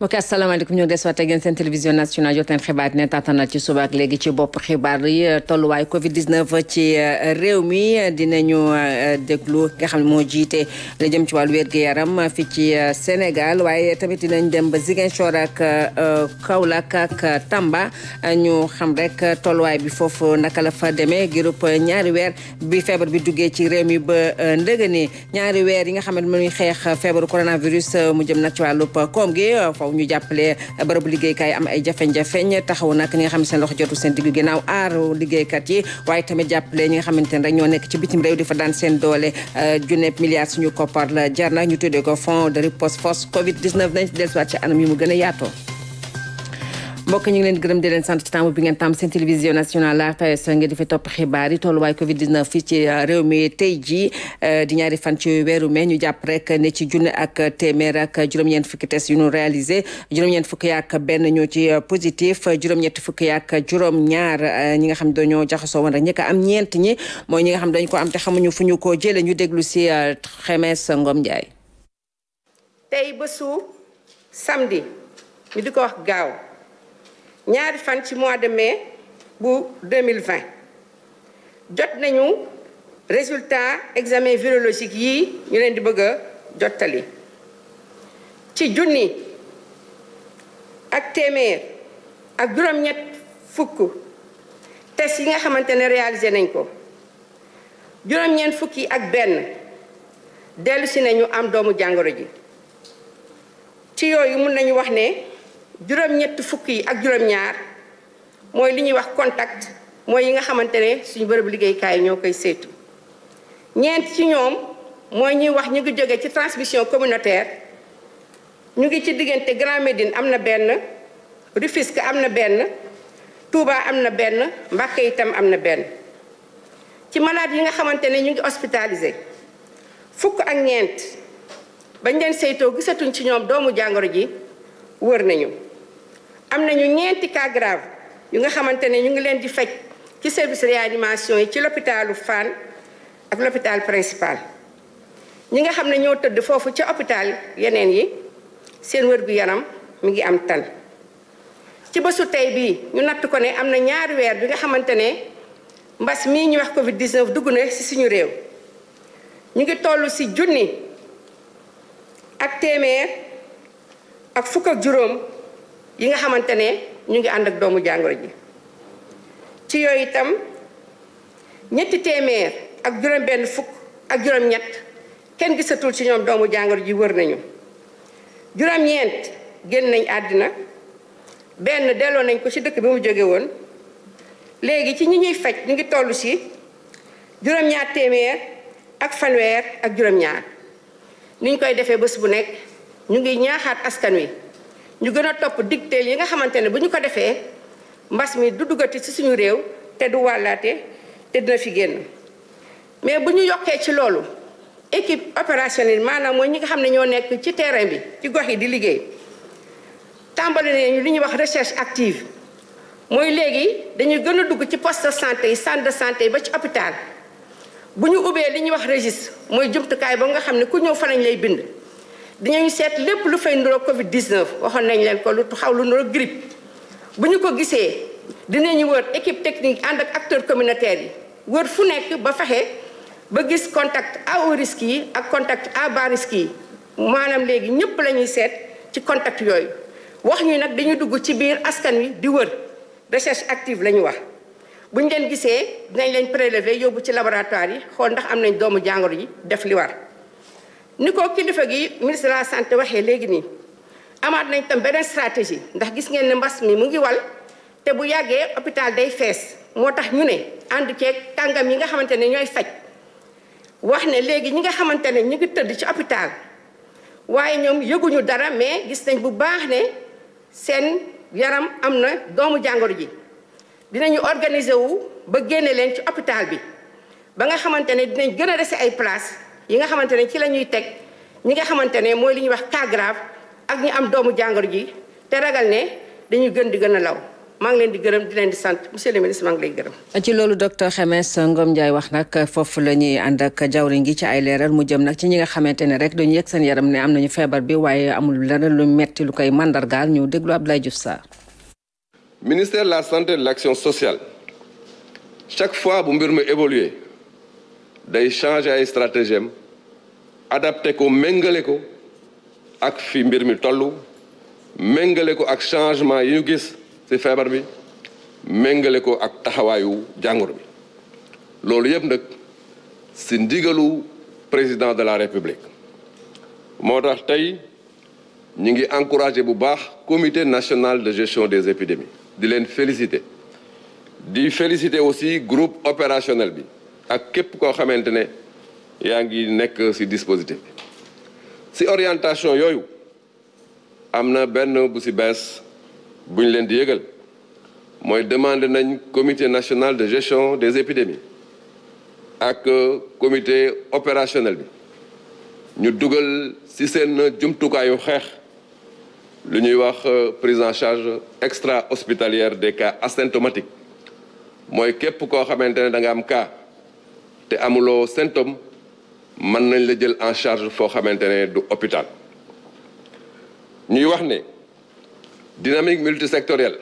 mbokk asalaamaaleykum ñoo des waat ak yéen seen télévision nationale jot leen xibaar ne taatanal ci suba ak léegi ci bopp xibaar yi tolluwaay Covid 19 ci réew mi dinañu déglu nga xam ne moo jiite la jëm ci wàllu wérgu yaram fi ci Sénégal waaye tamit dinañ dem ba chor ak euh, Kaolack ak euh, Tamba ñu xam rek euh, tolluwaay bi foofu naka la fa demee girub ñaari weer bi feebar bi duggee ci réew mi ba ndëgëne ñaari weer yi nga xam ne mënuy xeex feebaru coronavirus mu jëm nag ci wàllub koom gi faaw ñu jàppale bërëbu liggéeykaay am ay jafeñ-jafeñ taxaw nag ñi nga xam ne seen loxo jotul seen diggu ginnaaw aar liggéeykat yi waaye tamit jàppale ñi nga xamante ne rek ñoo nekk ci bitim réew di fa daan seen doole euh, junneeb milliards suñu koppar la jar na ñu tuddee ko fonds de riposte force covid 19 nañ ci dellusiwaat ci anam yi mu gën a yaatoo mbokk ñu ngi leen di gërëm di leen sant ci taamu bi ngeen taam seen télévision nationale RTS ngeen di fi topp xibaar yi tolluwaay Covid 19 fii ci euh, réew mi tey jii euh, di ñaari fan ci weeru mai ñu jàpp rek ne ci junne ak téeméer ak juróom-ñeent fukki test yu ñu réalisé juróom-ñeent fukki ak benn ñoo ci euh, positif juróom-ñett fukki ak juróom-ñaar ñi nga xam dañoo jaxasoo woon rek ñi ko am ñeent ñi mooy ñi nga xam dañ ko am te xamuñu fu ñu ko jëlee ñu déglu si Xemes Ngom Ndiaye. tey bésu ñaari fan ci mois de mai bu 2020 jot nañu résultat examen virologique yi ñu leen di bëgg a jottali ci junni ak téeméer ak juróom-ñett fukk test yi nga xamante ne réalisé nañ ko juróom-ñeent fukki ak benn dellu si nañu am doomu jàngoro ji ci yooyu mun nañu wax ne juróom-ñetti fukk yi ak juróom-ñaar mooy li ñuy wax contact mooy yi nga xamante ne suñu bërëb liggéeykaay yi ñoo koy saytu ñeent ci ñoom mooy ñuy wax ñu ngi jóge ci transmission communautaire ñu ngi ci diggante Grand Médine am na benn Rufisque am na benn Touba am na benn Mbacké itam am na benn ci malade yi nga xamante ne ñu ngi hospitalisé fukk ak ñeent bañ leen saytoo gisatuñ ci ñoom doomu jàngoro ji wër nañu am nañu ñeenti cas grave yu nga xamante ne ñu ngi leen di faj ci service réanimation yi ci l'hôpitalu fan ak l'hôpital principal ñi nga xam ne ñoo tëdd foofu ci hôpital yeneen yi seen wër gu yaram mi ngi am tan ci bésu tey bii ñu natt ko ne am na ñaari weer bi nga xamante ne mbas mii ñu wax Covid 19 dugg na si suñu réew ñu ngi toll si junni ak téeméer ak fukk ak juróom yi nga xamantene ñu ngi and ak doomu jangoro ji ci yoy itam ñetti témèr ak juroom benn fukk ak juroom ñett kenn gisatul ci ñoom doomu jangoro ji wër nañu juroom ñent genn nañ adina benn delo nañ ko ci dëkk bi mu joggé won légui ci ñi ñuy fajj ñu ngi tollu si juroom ñaar témèr ak fanweer ak juroom ñaar niñ koy défé bëss bu nekk ñu ngi ñaaxaat askan wi ñu gën a topp digteel yi nga xamante ne bu ñu ko defee mbas mi du duggati ci suñu réew te du wàllaate te dina fi génn mais bu ñu yokkee ci loolu équipe opérationnelle maanaam mooy ñi nga xam ne ñoo nekk ci terrain bi ci gox yi di liggéey tàmbali nañu li ñuy wax recherche active mooy léegi dañuy gën a dugg ci poste de santé yi centre de santé yi ba ci hôpital bu ñu ubbee li ñuy wax registre mooy jumtukaay ba nga xam ne ku ñëw fa lañ lay bind. dinañu seet lépp lu fay nuroo Covid 19 waxoon nañ leen ko lu xaw lu nuroo grippe bu ñu ko gisee dinañu wër équipe technique ànd ak acteurs communautaires yi wër fu nekk ba fexe ba gis contact à haut yi ak contact à bas yi maanaam léegi ñëpp la ñuy seet ci contact yooyu wax ñu nag dañu dugg ci biir askan wi di wër recherche active la ñu wax. bu ñu leen gisee dinañ leen prélever yóbbu ci laboratoire yi xool ndax am nañ doomu jàngoro yi def li niko ko kilifa gi ministre de la santé waxe legui ni amat nañ tam benen stratégie ndax gis ngeen ne mbass mi mu ngi wal te bu yagge hôpital day fess motax ñu ne and ci kàngam yi nga xamantene ñoy fajj wax ne ñi nga xamantene ñi ngi teud ci hôpital waaye ñoom yëguñu dara mais gis nañ bu baax ne sen yaram amna doomu jangoro ji dinañu organiser wu ba génne len ci hôpital bi ba nga xamantene dinañ gëna ay place yi nga xamante ne ci la ñuy teg ñi nga xamante ne mooy li ñuy wax cas grave ak ñu am doomu jàngoro ji te ragal ne dañuy gën di gën a law maa ngi leen di gërëm di leen di sant monsieur le ministre maa ngi lay gërëm. ci loolu docteur Khémesse ngoom Ndiaye wax nag foofu la ñuy ànd ak jawriñ ngi ci ay leeral mu jëm nag ci ñi nga xamante ne rek dañu yëg seen yaram ne am nañu feebar bi waaye amul dara lu metti lu koy mandargaal ñu déglu ab lay Sarr. ministère la santé et de chaque fois bu mbir mu évoluer day changer ay stratégie adapter adapté ko méngale ko ak fi mbir mi toll ko ak changement yi ñu gis ci feebar bi méngale ko ak taxawayu jangor bi lolu yeb nak ci ndigalu président de la république motax tay ñi ngi encourager bu baax comité national de gestion des épidémies di len féliciter di féliciter aussi groupe opérationnel bi ak képp koo xamante ne ngi nekk ci dispositif Si ci orientation yoyu amna na benn bu ci bees leen di yëgal moy demande nañ comité national de gestion des épidémies ak euh, comité opérationnel bi ñu duggal ci seen jumtukaayu xeex lu ñuy wax euh, prise en charge extra hospitalière des cas asymptomatiques moy kep peut xamantene da nga am cas te amulo symptôme man nañ la jël en charge fo xamante du hôpital ñuy wax né dynamique multisectorielle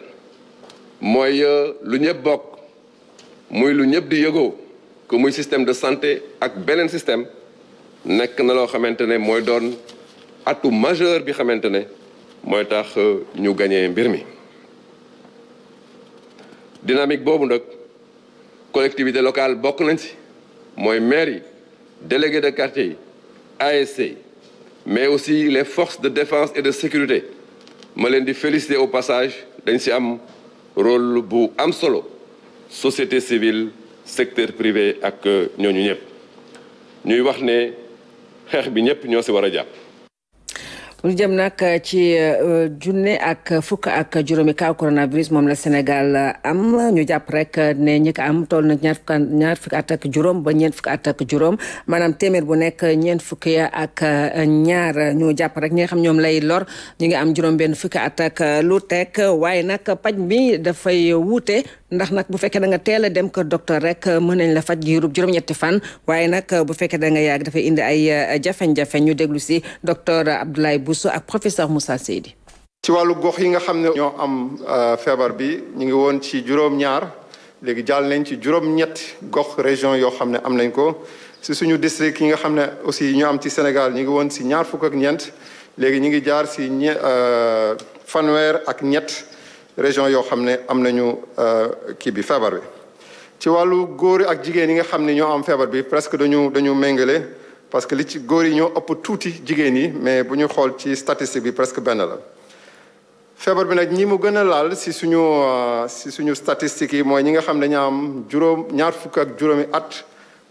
moy euh, lu ñepp bok moy lu ñepp di yego que moy système de santé ak beneen système n'ek na lo xamante moy atu majeur bi xamante moy tax euh, ñu gagner mbir mi dynamique bobu collectivité locale bok nañ ci moi maire délégué de quartier ASC mais aussi les forces de défense et de sécurité je les au passage d'un rôle bu am société civile secteur privé et de nous, ñuy wax nous, bi nous, ñoo lu jëm nag euh, ci euh, junne ak euh, fukk ak juróom juróomi kaw coronavirus moom la Sénégal am ñu jàpp rek ne ñi ko am toll na ñaar fukk ñaar juróom ba ñeen fukki at ak juróom maanaam téeméer bu nekk ñeen fukki ya ak ñaar ñu jàpp rek ñi nga xam ñoom lay lor ñu ngi am juróom benn fukki at lu teg waaye nag paj bi dafay wuute ndax nak bu fekkee da nga teel a dem kër docteur rek euh, mën nañ la faj jiirub juróom-ñetti fan waaye nak euh, bu fekkee da nga yàgg dafay indi ay euh, jafe-jafe ñu déglu si docteur Abdoulaye Bousso ak professeur Moussa Seydi. ci wàllu gox yi nga xam ne ñoo am feebar bi ñu ngi woon ci juróom-ñaar léegi jàll nañ ci juróom-ñett gox région yoo xam ne am nañ ko si suñu district yi nga xam ne aussi ñu am ci Sénégal ñu ngi woon si ñaar fukk ak ñeent léegi ñu ngi jaar si ñe fanweer ak ñett. région yoo xam ne am nañu euh, kii bi feebar bi ci wàllu góor yi ak jigéen yi nga xam ne ñoo am feebar bi presque dañu dañu méngale parce que li ci góor yi ñoo ëpp tuuti jigéen yi mais bu ñu xool ci statistique bi presque benn la feebar bi nag ñi mu gën a laal si suñu euh, si suñu statistiques yi mooy ñi nga xam ne dañoo am juróom ñaar fukk ak juróomi at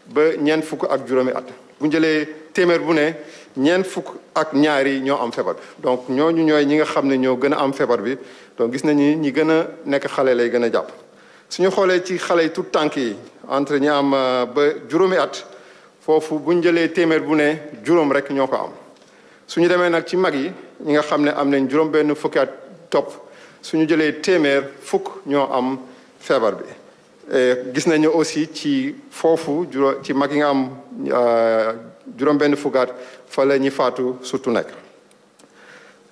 ba ñeent fukk ak juróomi at bu njëlee téeméer bu ne ñeent fukk ak ñaari ñoo am feebar donc ñooñu ñooy ñi nga xam ne ñoo gën a am feebar bi donc gis nañu ñi gën a nekk xale lay gën a jàpp suñu xoolee ci xale yi tout tànk yi entre ñi am euh, ba juróomi at foofu buñ jëlee téeméer bu ne juróom rek ñoo ko am suñu demee nag ci mag yi ñi nga xam ne am nañ juróom benn fukki at topp suñu jëlee téeméer fukk ñoo am feebar bi gis nañu aussi ci foofu juróom ci mag yi nga am euh, juróom-benn fukkaat fa la ñi faatu surtout nekk.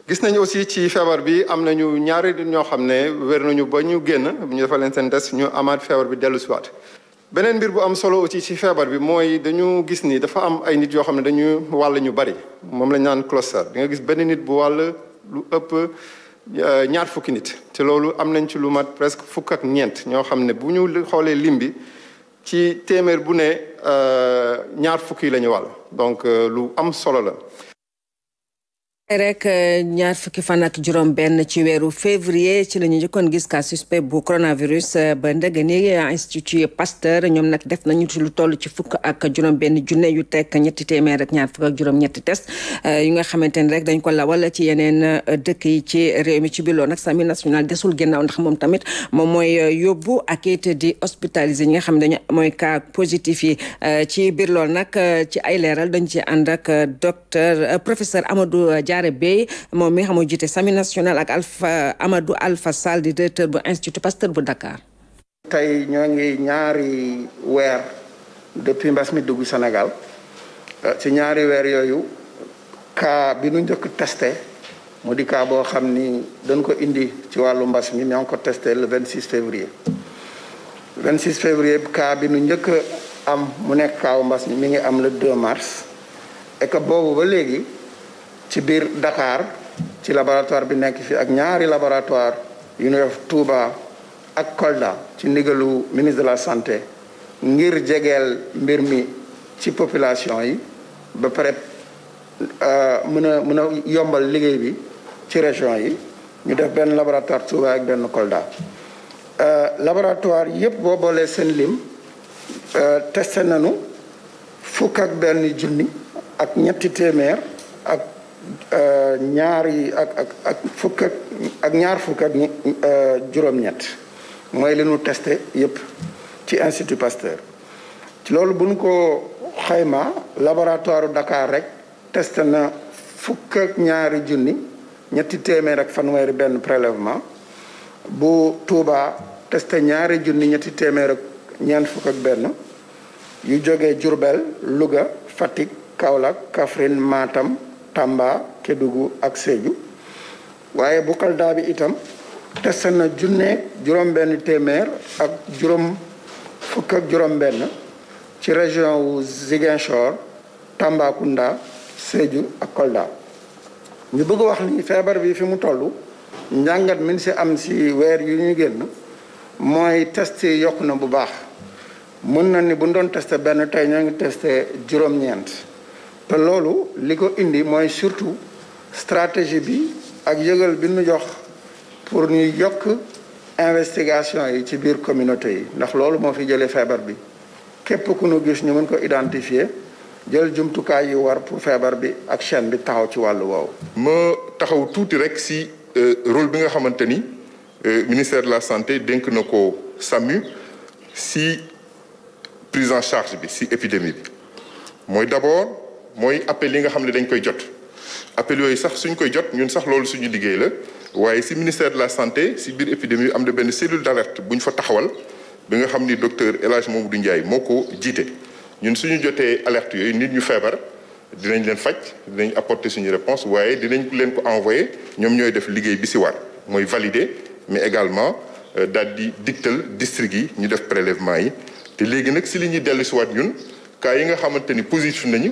gis nañu aussi ci feebar bi am nañu ñaari ñoo xam ne wér nañu ba ñu génn ñu defal leen seen test ñu amaat feebar bi dellu si waat beneen mbir bu am solo aussi ci feebar bi mooy dañu gis ni dafa am ay nit yoo xam ne dañuy wàll ñu bari moom lañu naan cluster di nga gis benn nit bu wàll lu ëpp euh, ñaar fukki nit te loolu am nañ ci lu mat presque fukk ak ñeent ñoo xam ne bu ñu xoolee lim bi ci téeméer bu ne euh, ñaar fukki la ñu wàll donc euh, lu am solo la rek euh, ñaar fukki fan ak juróom benn ci weeru février ci la ñu njëkkoon gis cas suspect bu coronavirus euh, ba ndege ni euh, institut Pasteur ñoom nag def nañu lu toll ci fukk ak juróom benn junne yu teg ñetti téeméer rek ñaar fukk ak juróom ñetti test yu nga xamante ni rek dañ ko lawal ci yeneen dëkk yi ci réew mi ci biir loolu nag sami national desul ginnaaw ndax moom tamit moom mooy yóbbu ak it di hospitalisé ñi nga xam ne dañu mooy cas positif yi ci biir loolu nag ci ay leeral dañ ci ànd ak docteur professeur Amadou Dia Diarra Bèye mom mi xamou jité Sami national ak Alpha Amadou Alpha Sall di directeur bu institut Pasteur bu Dakar. tay ñoo ñaari wèr depuis mbass mi dugg Sénégal euh, ci ñaari wèr yoyu ka bi nu njëkk testé mo di ka bo xamni dañ ko indi ci walu mbass mi ñong ko testé le 26 février. 26 février ka bi nu njëkk am mu nekk kaw mbass mi mi ngi am le 2 mars et que bobu ba légui ci biir Dakar ci laboratoire bi nekk fii ak ñaari laboratoire yu ñu def Touba ak Kolda ci ndigalu ministre de la santé ngir jegeel mbir mi ci population yi ba pare euh, mën a mën a yombal liggéey bi ci région yi ñu def benn laboratoire Touba ak benn Kolda euh, laboratoire yépp boo boolee seen lim euh, testé nañu fukk ak benn junni ak ñetti téeméer ak Euh, ñaari ak ak ñaar fukk ak euh, juróom-ñett mooy li ñu testé yëpp ci institut Pasteur loolu bu ko xayma laboratoire Dakar rek testé na fukk ak ñaari junni ñetti téeméer ak fanweeri benn prélèvement bu Touba testé ñaari junni ñetti téeméer ak ñeent fukk benn yu jógee jurbel Louga Fatick Kaolack Kaffrine Matam Tamba Kédougou ak Sédhiou waaye bu Kolda bi itam testé na junneeg juróom-benn téeméer ak juróom fukk ak juróom-benn ci région wu Ziguinchor Tambacounda Sédhiou ak Kolda. ñu bëgg wax ni feebar bi fi mu toll njàngat min si am si weer yu ñu génn mooy test yi yokku na bu baax mën na ni buñ doon testé benn tey ñoo ngi teste juróom-ñeent. te loolu li ko indi mooy surtout stratégie bi ak yëgal bi nu jox pour ñuy yokk investigation yi ci biir communauté yi ndax loolu moo fi jëlee feebar bi képp ku nu gis ñu mën ko identifier jël jumtukaay yu war pour feebar bi ak chaîne bi taxaw ci wàllu woowu. ma taxaw tuuti rek si euh, rôle bi nga xamante ni euh, ministère de la santé dénk na ko SAMU si prise en charge bi si épidémie bi mooy d'abord moy appel yi nga xam dañ koy jot appel yoy sax suñ koy jot ñun sax loolu suñu liggéey la waaye ci ministère de la santé ci bir épidémie am de benn cellule d'alerte buñ fa taxawal bi nga xam docteur Elage Hadj Mamadou Ndiaye moko jité ñun suñu joté alerte yoy nit ñu fièvre dinañ leen fajj dinañ apporter suñu réponse waaye dinañ leen ko envoyer ñom ñoy def liggéey bi si war mooy valider mais également euh, dal di digtal district yi ñu def prélèvement yi té légui nak ci li ñi dellu ci wat ñun cas yi nga xamanteni positif nañu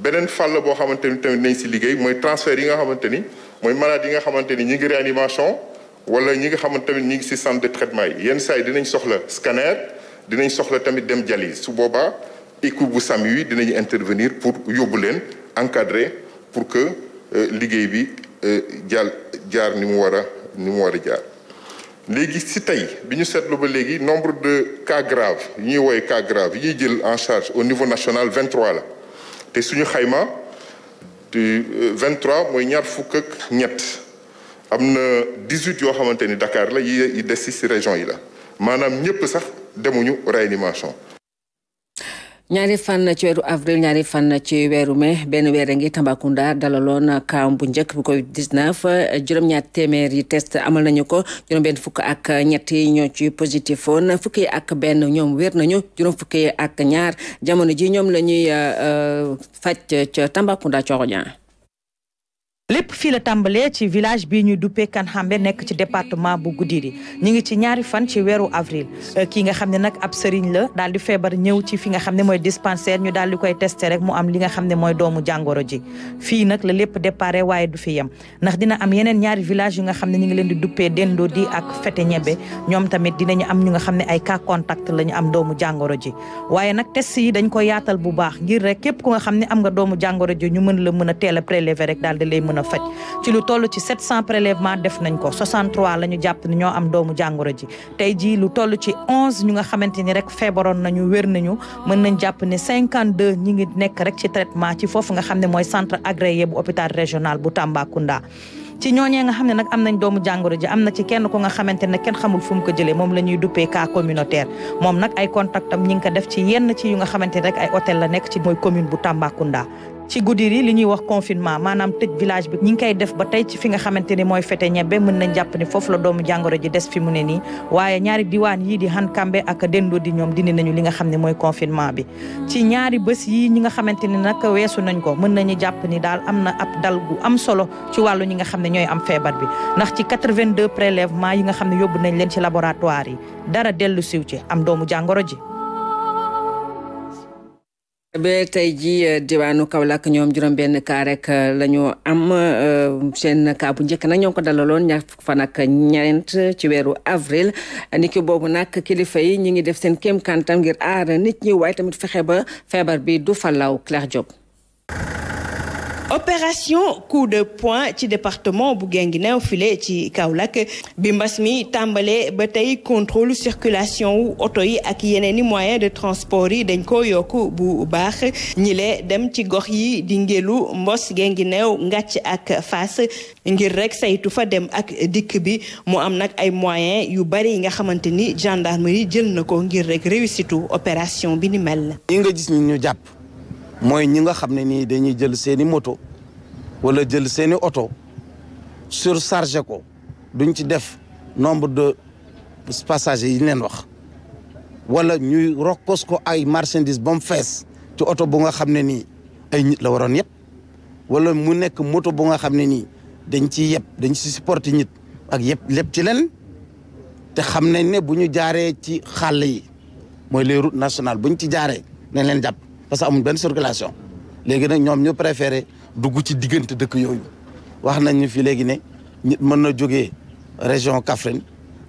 beneen fàll boo xamante ni tamit nañ si liggéey mooy transfert yi nga xamante ni mooy malade yi nga xamante ni ñi ngi réanimation wala ñi nga xamante ni ñi ngi si centre de traitement yi yenn saa yi dinañ soxla scanner dinañ soxla tamit dem dialyse su boobaa équipe bu SAMU yi dinañu intervenir pour yóbbu leen encadrer pour que euh, liggéey bi euh, jàll jaar ni mu war a ni mu war a jaar. léegi si tey bi ñu seetlu ba léegi nombre de cas grave yi ñuy woowee cas grave yi ñuy jël en charge au niveau national 23 la. te suñu xayma du euh, 23 mooy ñaar fukk ak ñett am na 18 yoo xamante ni Dakar la yi des si région yi la maanaam ñëpp sax demuñu réanimation ñaari fan ci weeru avril ñaari fan ci weeru mai benn weer ngi Tambacounda dalaloon kaam bu njëkk bu Covid 19 juróom-ñaar téeméer yi test amal nañu ko juróom-benn fukk ak ñett ñoo ci positif woon fukki ak benn ñoom wér nañu juróom fukki ak ñaar jamono ji ñoom la ñuy euh, faj ca Tambacounda Thioro Niang lép fii la tàmbalee ci village bii ñu duppee Kanhambe nekk ci département bu Goudiry ñu ngi ci ñaari fan ci weeru avril euh, kii nga xam ne nag ab sëriñ la daal di feebar ñëw ci fi nga xam ne mooy dispensaire ñu daal di koy testé rek mu am li nga xam ne mooy doomu jàngoro ji fii nag la lépp déparé waaye du fi yem ndax dina am yeneen ñaari village yu nga xam ne ñu ngi leen di duppee Dendo di ak Fete Ñebe ñoom tamit dinañu am ñu nga xam ne ay cas contact la ñu am doomu jàngoro ji waaye nag test yi dañ ko yaatal bu baax ngir rek képp ku nga xam ne am nga doomu jàngoro ji ñu mën la mën teel a prélever mën a faj ci lu toll ci 700 prélèvements def nañ ko 63 la ñu jàpp ni ñoo am doomu jàngoro ji tey jii lu toll ci 11 ñu nga xamante ni rek feebaroon nañu wér nañu mën nañ jàpp ne 52 ñi ngi nekk rek ci traitement ci foofu nga xam ne mooy centre agréé bu hôpital régional bu Tambacounda. ci ñooñee nga xam ne nag am nañ doomu jàngoro ji am na ci kenn ko nga xamante ne kenn xamul fu mu ko jëlee moom la ñuy duppee cas communautaire moom nag ay contact am ñi ngi ko def ci yenn ci yu nga xamante ne rek ay hôtel la nekk ci mooy commune bu Tambacounda ci guddi yi li ñuy wax confinement maanaam tëj village bi ñi ngi koy def ba tey ci fi nga xamante ni mooy fete ñebe mën nañ jàpp ni foofu la doomu jàngoro ji des fi mu ne nii waaye ñaari diwaan yii di Hankambe ak Dendoo di ñoom dindi nañu li nga xam ne mooy confinement bi ci ñaari bës yi ñi nga xamante ni nag weesu nañ ko mën nañu jàpp ni daal am na ab dal gu am solo ci wàllu ñi nga xam ne ñooy am feebar bi ndax ci 82 prélèvement yi nga xam ne yóbbu nañ leen ci laboratoire yi dara dellu siw ci am doomu jàngoro ji ba tey jii euh, diwaanu Kaolack ñoom juróom-benn kaa rek euh, la ñu am euh, seen kaa bu njëkk nag ñoo ko dalaloon ñaar fukk fan ak ñeent ci weeru avril ni ki boobu nag kilifa yi ñu ngi def seen kéem kantam ngir aar nit ñi waaye tamit fexe ba feebar bi du falaw Claire Diop. opération coup de poing ci département bu au filet. ci Kaolack bi mbas mi contrôle circulation ou autoï, yi ak ni moyen de transport yi dañ ko ni bu le dem tigori d'ingelou, mos di Ngélu ak face ngir rek saytu dem ak dikbi bi amnak ay moyen yu bari nga xamanteni, gendarmerie jël ngir rek opération bi ni mel. mooy ñi nga xam ne nii dañuy jël seeni moto wala jël seeni oto surchargé ko duñ ci def nombre de passagers yi leen wax wala ñuy rokkos ko ay marchandise ba fees ci oto bu nga xam ne nii ay nit la waroon yëpp wala mu nekk moto bu nga xam ne nii dañ ci yëpp dañ ci supporter nit ak yëpp lépp ci leen te xam nañ ne bu ñu jaaree ci xàll yi mooy les routes nationales bu ñu ci jaaree nañ leen jàpp parce que amul benn circulation léegi nag ñoom ñu préféré dugg ci diggante dëkk yooyu wax nañ ñu fi léegi ne nit mën na jógee région Kaffrine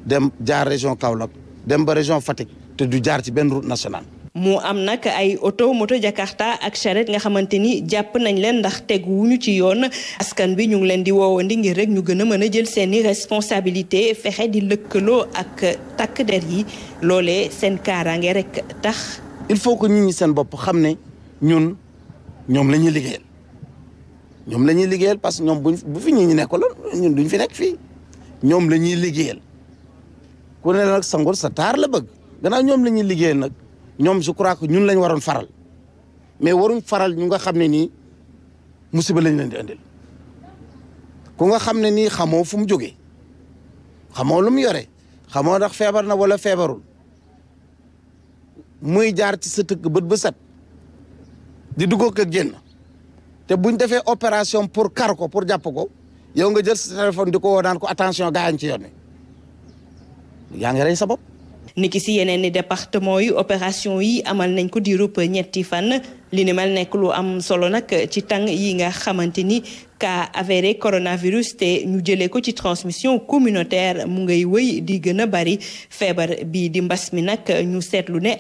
dem jaar région Kaolack dem ba région Fatick te du jaar ci benn route nationale. mu am nag ay auto moto Jakarta ak charrette nga xamanteni japp nañ leen ndax teguwuñu ci yoon askan bi ñu ngi leen di woowandi ngir rek ñu gëna mëna jël seeni responsabilité fexé di lekkelo ak tak der yi lolé seen kaaraange rek tax. il faut que nit ñi seen bopp xam ne ñun ñoom la ñuy liggéeyal ñoom la ñuy liggéeyal parce que ñoom buñ bu fi ñi ñu nekkuloon ñun duñ fi nekk fii ñoom la ñuy liggéeyal ku ne sa ngor sa taar la bëgg gannaaw ñoom la ñuy liggéeyal nag ñoom je crois que ñun lañu waroon faral mais waruñ faral ñu nga xam ne nii musiba lañ leen di ku nga xam ne nii xamoo fu mu jógee xamoo lu mu yore xamoo ndax feebar na wala feebarul muy jaar ci sa tëkk bët ba set di dugg ak génn te buñ defee opération pour kar ko pour jàpp ko yow nga jël sa téléphone di ko woo ko attention gaañ ci yoon wi yaa ngi rey sa si yeneen i département yi opération yi amal nañ ko diirub ñetti fan li ni mel nekk lu am solo nag ci tàng yi nga xamante ni cas avéré coronavirus té ñu jëlé ko ci transmission communautaire mu ngay wëy di gëna bari fièvre bi di mbas mi nag ñu seetlu ne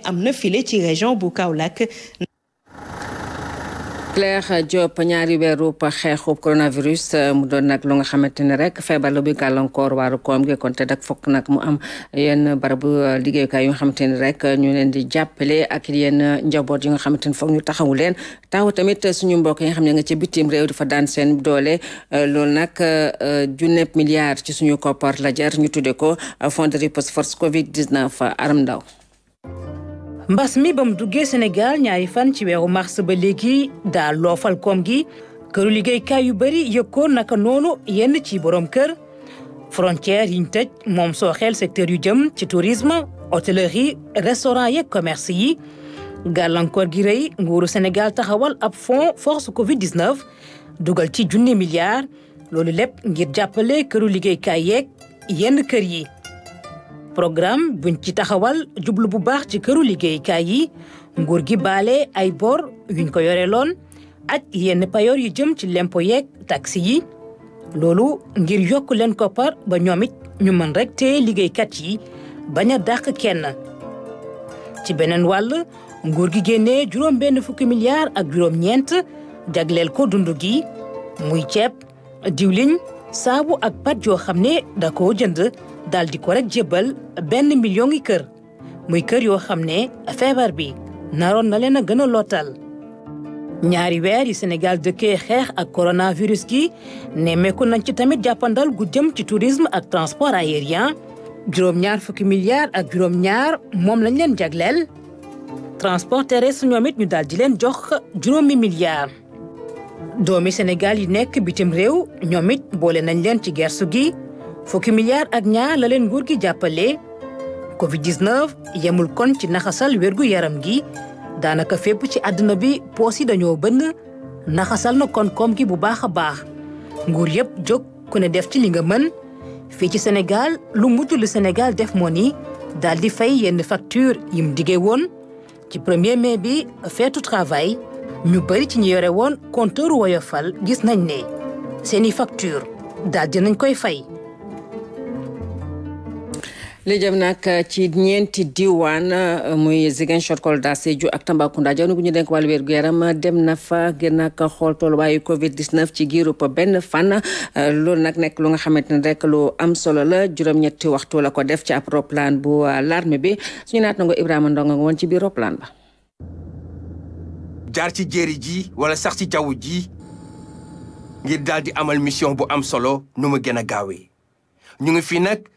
ci région bu Kaolack Claire Diop ñaari weeru xeexu coronavirus mu doon nag lu nga xamante ne rek feebar la buy gàllankoor waaru koom gi kon te dak fokk nag mu am yenn barabu liggéeyukaay yu nga xamante ne rek ñu leen di jàppale ak yenn njaboot yi nga xamante ne foog ñu taxawu leen taxaw tamit suñu mbokk yi nga xam ne nga ci bitim réew dafa daan seen doole loolu nag junneb milliard ci suñu koppar la jar ñu tudde ko fonds de riposte force Covid 19 Aram Ndaw mbas mi ba mu duggee Sénégal ñaari fan ci weeru mars ba léegi daal loofal koom gi këru liggéeykaay yu bëri yëg ko naka noonu yenn ci borom kër frontière yiñ tëj moom soo xel secteur yu jëm ci tourisme hôtellerie restaurant yeeg commerce yi gàllankoor gi rëy nguuru Sénégal taxawal ab fonds force Covid 19 dugal ci junni milliards loolu lépp ngir jàppale këru liggéeykaay yeeg yenn kër yi. programme buñ ci taxawal jublu bu baax ci këru liggéeykaay yi nguur gi baale ay bor yuñ ko yore loon ak yenn payoor yu jëm ci lempo yeeg taxi yi loolu ngir yokk leen koppar ba ñoom it ñu mën rekk te liggéeykat yi bañ a dàq kenn ci beneen wàll nguur gi génne juróom benn fukki milliards ak juróom ñeent jagleel ko dund gi muy ceeb diwliñ saabu ak pat yoo xam ne da koo jënd daldi di ko jébbal benn million ngi kër muy kër yoo xam ne feebar bi naroon na leen a gën a lootal. ñaari weer yi Sénégal dëkkee xeex ak coronavirus gi nemmeeku nañ ci tamit jàppandal gu jëm ci tourisme ak transport aérien juróom-ñaar fukki milliards ak juróom-ñaar moom lañ leen jagleel. transport terrestre ñoom it ñu daal di leen jox juróomi milliards. doomi Sénégal yi nekk bitim réew ñoomit boole nañ leen ci gersu gi. fukki milliards ak ñaar la leen nguur gi jàppale Covid 19 yemul kon ci naxasal wérgu yaram gi daanaka fépp ci àddina bi poos yi dañoo bënn naxasal na kon koom gi bu baax a baax nguur yépp jóg ku ne def ci li nga mën fii ci senegal lu mujj lu Sénégal def moo ni daal di fay yenn facture yi mu diggee woon ci premier mai bi feetu travail ñu bëri ci ñu yore woon compteur Woyofal gis nañ ne seeni facture daal nañ koy fay. lejam nak eh, ci ñenti diwan eh, muy Ziguinchor da seju ak kunda jaww bu ñu denk wal wer gu yaram dem na fa ngir xol eh, tol tolluwaayu Covid 19 ci pa ben fan lool nak nek lu nga xamantene rek lu am solo la juroom ñetti waxtu la ko def ci ab bu l'armée bi suñu nat nga ibrahim ndong nga won ci biir ba. jaar ci jeri ji wala sax ci jawu ji ngir daldi di amal mission bu am solo numu gëna gaawé ñu ngi fi nak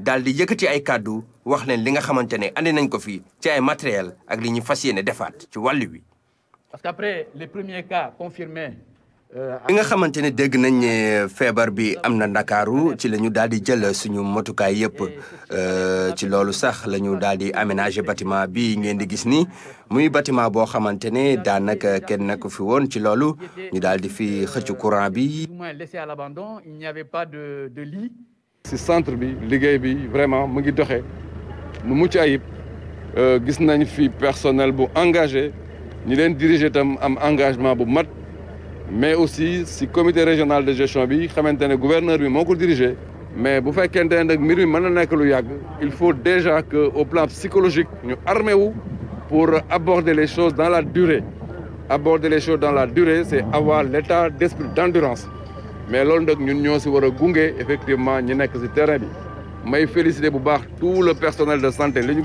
daal di yëkkati ay kaddu wax leen li nga xamante ne andi nañ ko fi ci ay matériel ak li ñu fas yéene defaat ci wàll wi. parce que après les premiers cas confirmés. li euh, nga xamante ne dégg nañ ne feebar bi am na ndakaaru ci la ñu daal di jël suñu motukaay yëpp euh, ci loolu sax la ñu daal di aménager batiment bi ngeen di gis ni muy batiment boo xamante ne daanaka kenn nekk fi woon ci loolu ñu daal di fi xëcc courant bi. le centre bi liggéey bi vraiment mu ngi doxee mu mucc ayib euh, gis nañ fi personnel bu engagé ñi leen diriger tam am engagement bu mat mais aussi si comité régional de gestion bi gouverneur bi moo ko diriger. mais bu faire nag mbir mi lu il faut déjà que au plan psychologique nous armé wu pour aborder les choses dans la durée aborder les choses dans la durée c'est avoir l'état d'esprit d'endurance mais lool nak ñun ñoo si wara gungé gunge effectivement ñi nek si terrain bi may féliciter bu baax tout le personnel de santé li ñu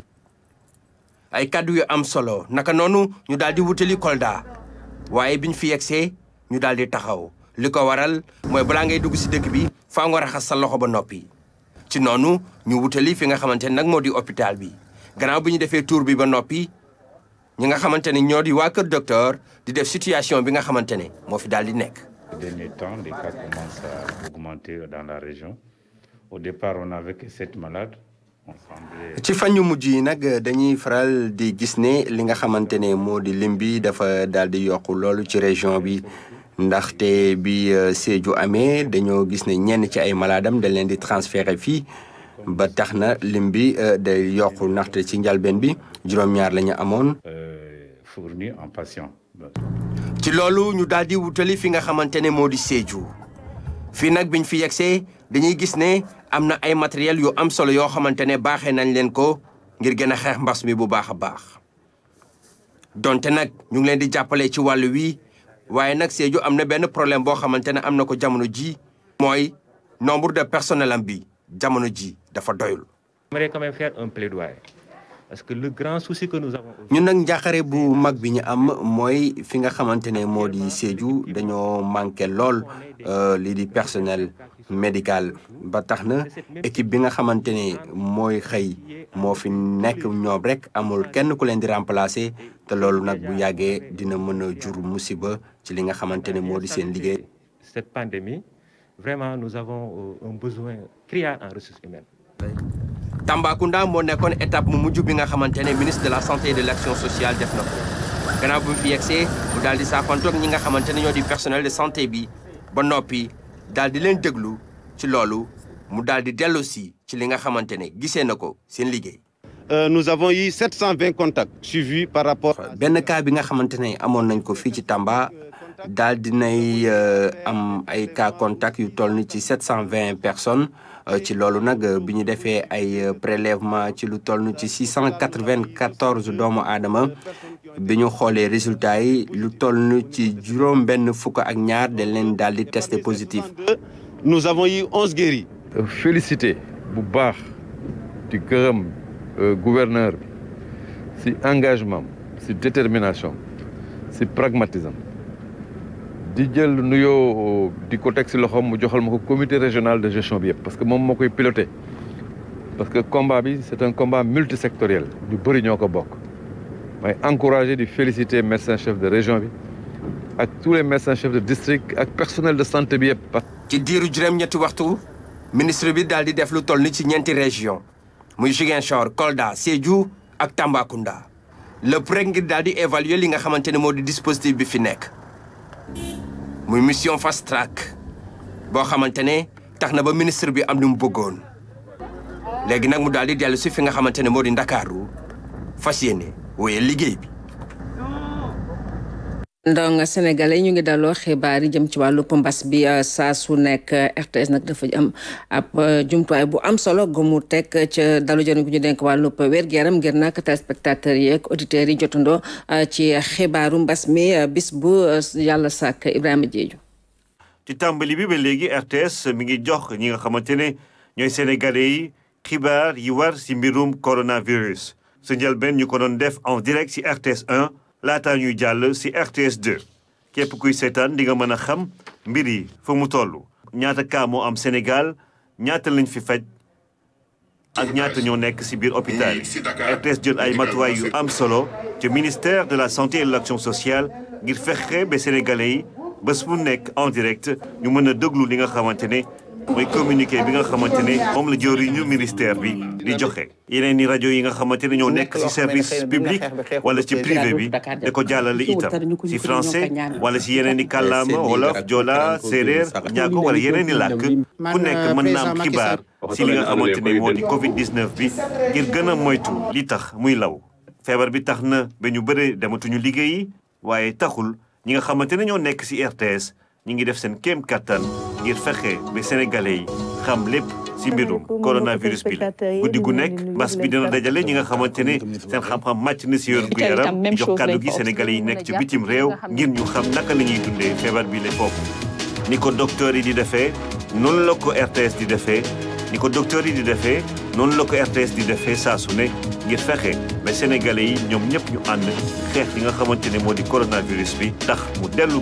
ay kaddu yu am solo naka nonu ñu daldi di buteli Kolda waye biñ fi yexé ñu daldi di taxaw liko waral moy bla ngay dugg si dëkk bi fa nga raxas sa loxo ba nopi ci nonu ñu wuteli fi nga xamantene nak modi di hôpital bi graw biñu défé turbi tour bi ba nopi ñi nga xamantene ñoo di wa keur docteur di def situation bi nga xamantene ne fi daldi nek Ces derniers temps, les cas commencent à augmenter dans la région. Au départ, on n'avait que 7 malades. ci fan yu mujj yi nag dañuy faral di gis ne li nga xamante ne moo di lim bi dafa daal di yokku loolu ci région bi ndaxte bi euh, Sédhiou amee dañoo gis ne ñenn ci ay malaadam dañ leen di transféré fii ba tax na lim bi euh, day yokku ndaxte ci njalbeen bi juróom-ñaar la ñu amoon. Euh, fourni en patient. ci loolu ñu daal di wutali fi nga xamante ne moo di Sédhiou fii nag bi ñu fi yegsee dañuy gis ne am na ay matériel yu am solo yoo xamante ne baaxee nañ leen ko ngir gën a xeex mbas mi bu baax a baax donte nag ñu ngi leen di jàppale ci wàll wi waaye nag Sédhiou am na benn problème boo xamante ne am na ko jamono ji mooy nombre de personnel am bi jamono ji dafa doyul. j'aimerais quand même faire parce que le grand souci que nous avons. ñun nak njàqare bu mag bi ñu am moy fi nga xamantene modi moo di Sédhiou dañoo manqué lool euh, lii di personnel médical ba taxna équipe bi nga xamantene moy xey mo fi nekk ñoom rek amul kenn ku leen di remplacer té loolu nak bu yagge dina mëna a jur musiba ci li nga xamantene modi moo seen liggéey. cette pandémie vraiment nous avons euh, un besoin criant en ressources humaines. Tambacounda mon kon étape mu mujj bi nga ministre de la santé et de l'action sociale def na bu fi yegsee mu daal di ñi nga xamantene ñoo di personnel de santé bi ba nopi chilolo di leen deglu ci lolu mu dellu ci ci li nga xamantene gisé nako ko seen euh, nous avons eu 720 contacts suivis par rapport. ben cas bi nga xamantene amon nañ ko fi ci Tamba daal dinay euh, am ay cas contact yu toll ni ci 720 personnes euh, ci lolu nak euh, biñu défé ay prélèvement ci lu toll ni ci 694 doomu adama biñu xolé xoolee résultat yi lu toll ni ci juróom benn fuk ak ñaar dañ leen dal di testé positif. nous avons eu 11 guéris. félicité bu baax di gërëm gouverneur ci engagement ci détermination ci pragmatisme di jël nuyoo di ko teg mu joxal ma comité régional de gestion bi yëpp parce que moom moo koy piloté parce que combat bi c'est un combat multisectoriel du bëri ñoo ko bokk may encouragé di féliciter médecin chef de région bi ak tous les médecins chefs de district ak personnel de santé bi yëpp ci diiru juróom-ñetti waxtu ministre bi daal di def lu toll ni ci ñeenti région muy Ziguinchor Kolda Sédhiou ak Tambacounda lépp rek ngir daal di évaluer li nga xamante ne dispositif bi fi nekk muy mission fast track boo xamante ne tax na ba ministre bi am lu mu bëggoon léegi nag mu daal di dellu si fi nga xamante ne moo di Ndakaaru fas yéene wooye liggéey bi donc yi ñu ngi daloo xibaar yi jëm ci wàllu mbas bi euh, saa su nekk RTS nag dafa am ab euh, jumtuwaay bu am solo gumu teg ca dalu jëriñ gu ñu denk wàllu wér gu yaram ngir nag téléspectateurs yeeg auditeurs yi jotundoo euh, ci xibaaru mbas mi bis bu yàlla sàkk Ibrahima Diédhiou. ci tàmbali bi ba léegi RTS mi ngi jox ñi nga xamante ne ñooy sénégalais yi xibaar yi war si mbirum coronavirus su njëlbeen ñu ko doon def en direct si RTS 1. laataa ñuy jàll si RTS 2 képp kuy seetaan di nga mën a xam mbir yi fa mu toll. ñaata cas moo am Sénégal ñaata lañ fi faj ak ñaata ñoo nekk si biir hôpital yi RTS jël ay matuwaay yu am solo ci ministère de la santé et de l'action sociale ngir fexe ba sénégalais yi bés bu nekk en direct ñu mën a déglu li nga xamante ne. mooy communiqué bi nga xamante ne moom la jëriñu ministère bi di joxe yeneen i rajo yi nga xamante ne ñoo nekk ci service public wala ci privé bi da ko jàllale itam ci français wala ci yeneen i kàllaama wolof jola séeréer ñaako wala yeneen i làkk ku nekk mën naa am xibaar ci li nga xamante ne moo di Covid 19 bi ngir gën a moytu li tax muy law. feebar bi tax na ba ñu bëre dematuñu liggéeyi waaye taxul ñi nga xamante ne ñoo nekk ci RTS ñi ngi def seen kéem kattan. ngir fexe ba sénégalais yi xam lépp ci mbirum coronavirus bi la guddi gu nekk mbas bi dina dajale ñi nga xamante ne seen xam-xam màcc na ci yor gu yaram jox kàddu gi sénégalais yi nekk ci bitim réew ngir ñu xam naka la ñuy dundee feebar bi la foofu. ni ko docteur yi di defee noonu la ko RTS di defee ni ko docteur yi di defee noonu la ko RTS di defee saa ne ngir fexe ba sénégalais yi ñoom ñëpp ñu ànd xeex bi nga xamante ne moo di coronavirus bi tax mu dellu